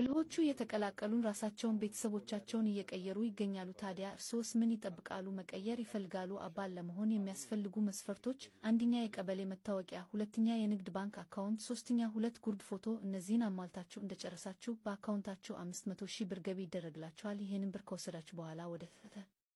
ብልሆቹ የተቀላቀሉን ራሳቸውን ቤተሰቦቻቸውን እየቀየሩ ይገኛሉ። ታዲያ እርስዎስ ምን ይጠብቃሉ? መቀየር ይፈልጋሉ? አባል ለመሆን የሚያስፈልጉ መስፈርቶች፣ አንደኛ የቀበሌ መታወቂያ፣ ሁለተኛ የንግድ ባንክ አካውንት፣ ሶስተኛ ሁለት ጉርድ ፎቶ። እነዚህን አሟልታችሁ እንደጨረሳችሁ በአካውንታችሁ አምስት መቶ ሺህ ብር ገቢ ይደረግላችኋል። ይህንን ብር ከወሰዳችሁ በኋላ ወደ